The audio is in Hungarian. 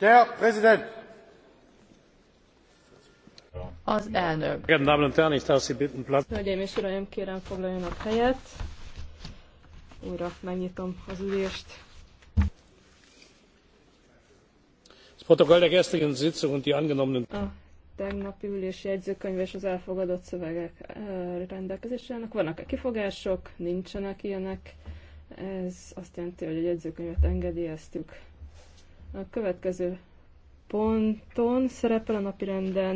Der Präsident! Az elnök. Hölgyeim és uraim, kérem foglaljanak helyet. Újra megnyitom az ülést. A tegnapi ülés jegyzőkönyv és az elfogadott szövegek eh, rendelkezésre állnak. Vannak-e kifogások? Nincsenek ilyenek. Ez azt jelenti, hogy a jegyzőkönyvet engedélyeztük. A következő ponton szerepel a napirenden